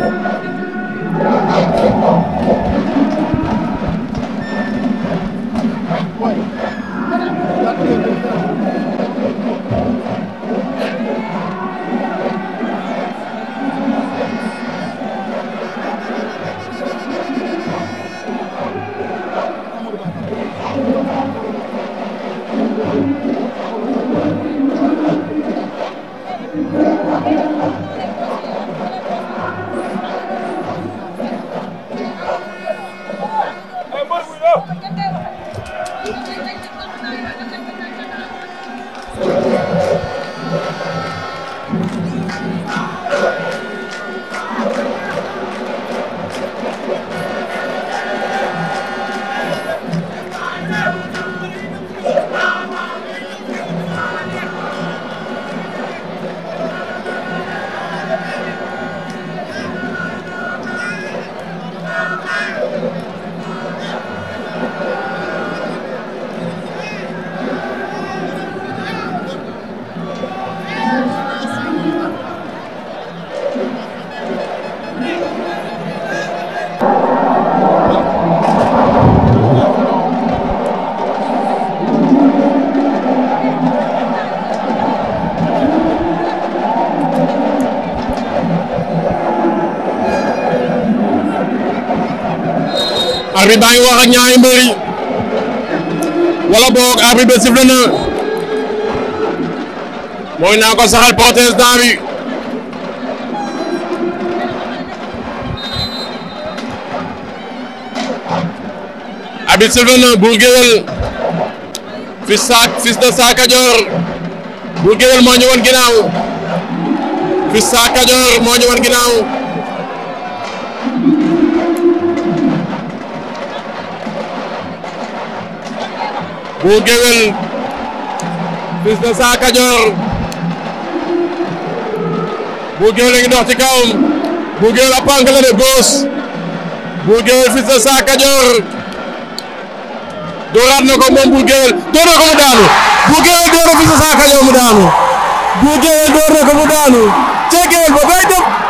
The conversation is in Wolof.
Thank you. waaw arbitre baa ngi wax ak ñaari mbër yi wala boog arbitre bi sifflé mooy naa ko saxal protestant bi arbitre sifflé na Bour Gueweul fils sa fils de Sa Cadior Bour Gueweul moo ñu woon ginnaaw fils Sa Buur Géwél Fils de Sa Kajoor Buur Géwél a ngi dox ci kawam Buur Géwél a góos Buur Géwél Fils Sa Kajoor dooraat na ko moom Buur Géwél door na ko mu daanu Buur door na Fils mu daanu Buur Géwél door na ko mu daanu cee ba bay dem